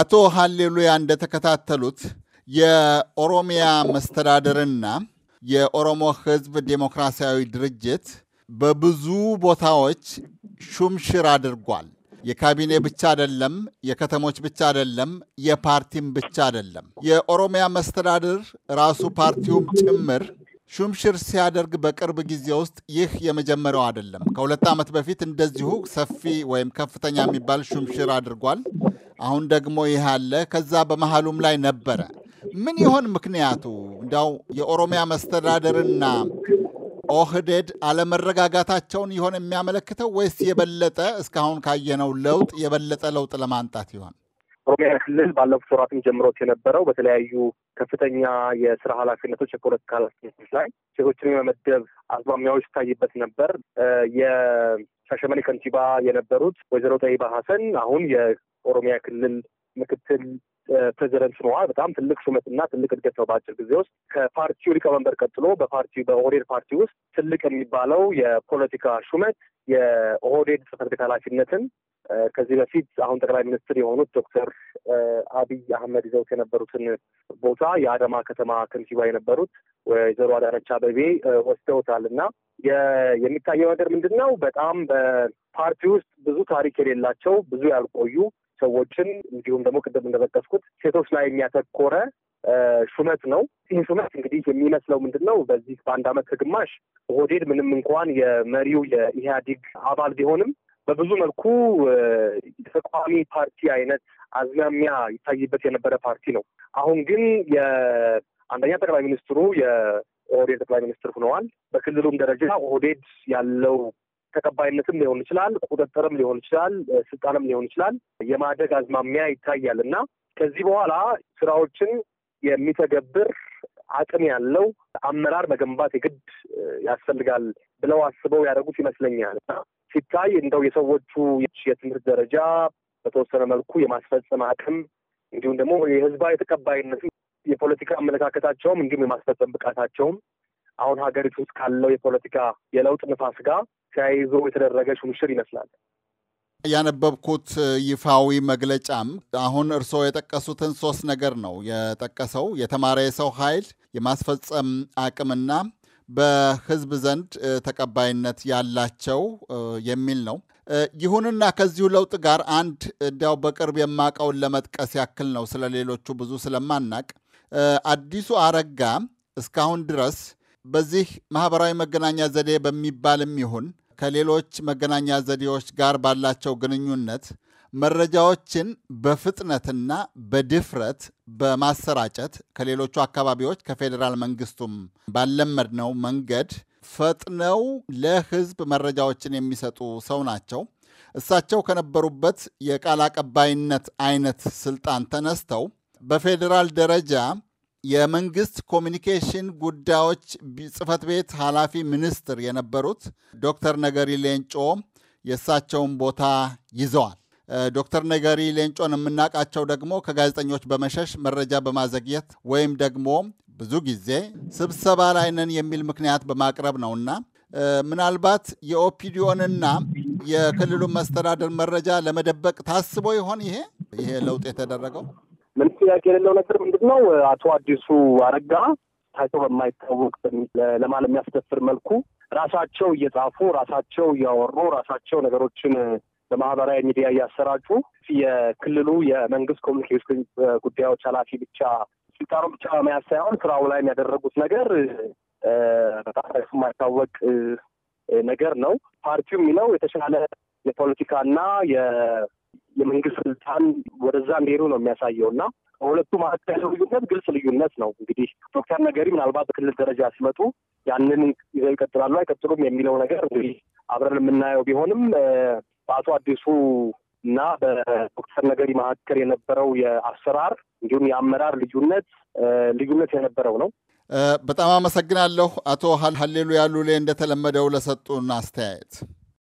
አቶ ሀሌሉያ እንደተከታተሉት የኦሮሚያ መስተዳደርና የኦሮሞ ሕዝብ ዴሞክራሲያዊ ድርጅት በብዙ ቦታዎች ሹምሽር አድርጓል። የካቢኔ ብቻ አይደለም፣ የከተሞች ብቻ አይደለም፣ የፓርቲም ብቻ አይደለም። የኦሮሚያ መስተዳድር ራሱ ፓርቲውም ጭምር ሹምሽር ሲያደርግ በቅርብ ጊዜ ውስጥ ይህ የመጀመሪያው አይደለም። ከሁለት ዓመት በፊት እንደዚሁ ሰፊ ወይም ከፍተኛ የሚባል ሹምሽር አድርጓል። አሁን ደግሞ ይህ አለ። ከዛ በመሃሉም ላይ ነበረ። ምን ይሆን ምክንያቱ? እንዲያው የኦሮሚያ መስተዳደርና ኦህዴድ አለመረጋጋታቸውን ይሆን የሚያመለክተው ወይስ የበለጠ እስካሁን ካየነው ለውጥ የበለጠ ለውጥ ለማምጣት ይሆን? ኦሮሚያ ክልል ባለፉት ወራትም ጀምሮት የነበረው በተለያዩ ከፍተኛ የስራ ኃላፊነቶች የፖለቲካ ኃላፊነቶች ላይ ሴቶችን የመመደብ አዝማሚያዎች ይታይበት ነበር። የሻሸመኔ ከንቲባ የነበሩት ወይዘሮ ጠይባ ሀሰን አሁን የኦሮሚያ ክልል ምክትል ፕሬዚደንት ሆነዋል። በጣም ትልቅ ሹመትና ትልቅ እድገት ነው። በአጭር ጊዜ ውስጥ ከፓርቲው ሊቀመንበር ቀጥሎ በፓርቲ በኦህዴድ ፓርቲ ውስጥ ትልቅ የሚባለው የፖለቲካ ሹመት የኦህዴድ ጽህፈት ቤት ኃላፊነትን ከዚህ በፊት አሁን ጠቅላይ ሚኒስትር የሆኑት ዶክተር አብይ አህመድ ይዘውት የነበሩትን ቦታ የአዳማ ከተማ ከንቲባ የነበሩት ወይዘሮ አዳነች አቤቤ ወስደውታል እና የሚታየው ነገር ምንድን ነው? በጣም በፓርቲ ውስጥ ብዙ ታሪክ የሌላቸው ብዙ ያልቆዩ ሰዎችን እንዲሁም ደግሞ ቅድም እንደጠቀስኩት ሴቶች ላይ የሚያተኮረ ሹመት ነው። ይህ ሹመት እንግዲህ የሚመስለው ምንድን ነው? በዚህ በአንድ አመት ከግማሽ ኦህዴድ ምንም እንኳን የመሪው የኢህአዲግ አባል ቢሆንም በብዙ መልኩ የተቋሚ ፓርቲ አይነት አዝማሚያ ይታይበት የነበረ ፓርቲ ነው። አሁን ግን የአንደኛ ጠቅላይ ሚኒስትሩ የኦህዴድ ጠቅላይ ሚኒስትር ሆነዋል። በክልሉም ደረጃ ኦህዴድ ያለው ተቀባይነትም ሊሆን ይችላል፣ ቁጥጥርም ሊሆን ይችላል፣ ስልጣንም ሊሆን ይችላል። የማደግ አዝማሚያ ይታያል እና ከዚህ በኋላ ስራዎችን የሚተገብር አቅም ያለው አመራር መገንባት የግድ ያስፈልጋል ብለው አስበው ያደረጉት ይመስለኛል ሲታይ እንደው የሰዎቹ የትምህርት ደረጃ በተወሰነ መልኩ የማስፈጸም አቅም እንዲሁም ደግሞ የህዝባዊ ተቀባይነቱ የፖለቲካ አመለካከታቸውም እንዲሁም የማስፈጸም ብቃታቸውም አሁን ሀገሪቱ ውስጥ ካለው የፖለቲካ የለውጥ ንፋስ ጋር ተያይዞ የተደረገ ሹምሽር ይመስላል። ያነበብኩት ይፋዊ መግለጫም አሁን እርስዎ የጠቀሱትን ሶስት ነገር ነው የጠቀሰው የተማረ የሰው ኃይል፣ የማስፈጸም አቅምና በህዝብ ዘንድ ተቀባይነት ያላቸው የሚል ነው። ይሁንና ከዚሁ ለውጥ ጋር አንድ እንዲያው በቅርብ የማቀውን ለመጥቀስ ያክል ነው፣ ስለ ሌሎቹ ብዙ ስለማናቅ አዲሱ አረጋ እስካሁን ድረስ በዚህ ማህበራዊ መገናኛ ዘዴ በሚባልም ይሁን ከሌሎች መገናኛ ዘዴዎች ጋር ባላቸው ግንኙነት መረጃዎችን በፍጥነትና በድፍረት በማሰራጨት ከሌሎቹ አካባቢዎች ከፌዴራል መንግስቱም ባለመድነው መንገድ ፈጥነው ለህዝብ መረጃዎችን የሚሰጡ ሰው ናቸው። እሳቸው ከነበሩበት የቃል አቀባይነት አይነት ስልጣን ተነስተው በፌዴራል ደረጃ የመንግስት ኮሚኒኬሽን ጉዳዮች ጽህፈት ቤት ኃላፊ ሚኒስትር የነበሩት ዶክተር ነገሪ ሌንጮ የእሳቸውን ቦታ ይዘዋል። ዶክተር ነገሪ ሌንጮን የምናውቃቸው ደግሞ ከጋዜጠኞች በመሸሽ መረጃ በማዘግየት ወይም ደግሞ ብዙ ጊዜ ስብሰባ ላይ ነን የሚል ምክንያት በማቅረብ ነውና ምናልባት የኦፒዲዮንና የክልሉ መስተዳደር መረጃ ለመደበቅ ታስቦ ይሆን ይሄ ይሄ ለውጥ የተደረገው? ምን ጥያቄ የሌለው ነገር ምንድን ነው አቶ አዲሱ አረጋ ታይቶ በማይታወቅ ለማለት የሚያስደፍር መልኩ ራሳቸው እየጻፉ ራሳቸው እያወሩ ራሳቸው ነገሮችን በማህበራዊ ሚዲያ እያሰራጩ የክልሉ የመንግስት ኮሚኒኬሽን ጉዳዮች ኃላፊ ብቻ ስልጣኑን ብቻ መያዝ ሳይሆን ስራው ላይ የሚያደረጉት ነገር በጣም የማይታወቅ ነገር ነው። ፓርቲው የሚለው የተሻለ የፖለቲካና የመንግስት ስልጣን ወደዛ እንዲሄዱ ነው የሚያሳየው እና በሁለቱ መካከል ያለው ልዩነት ግልጽ ልዩነት ነው። እንግዲህ ዶክተር ነገሪ ምናልባት በክልል ደረጃ ሲመጡ ያንን ይዘው ይቀጥላሉ አይቀጥሉም የሚለው ነገር እንግዲህ አብረን የምናየው ቢሆንም በአቶ አዲሱ እና በዶክተር ነገሪ መካከል የነበረው የአሰራር እንዲሁም የአመራር ልዩነት ልዩነት የነበረው ነው። በጣም አመሰግናለሁ አቶ ሀሌሉ ላይ እንደተለመደው ለሰጡን አስተያየት።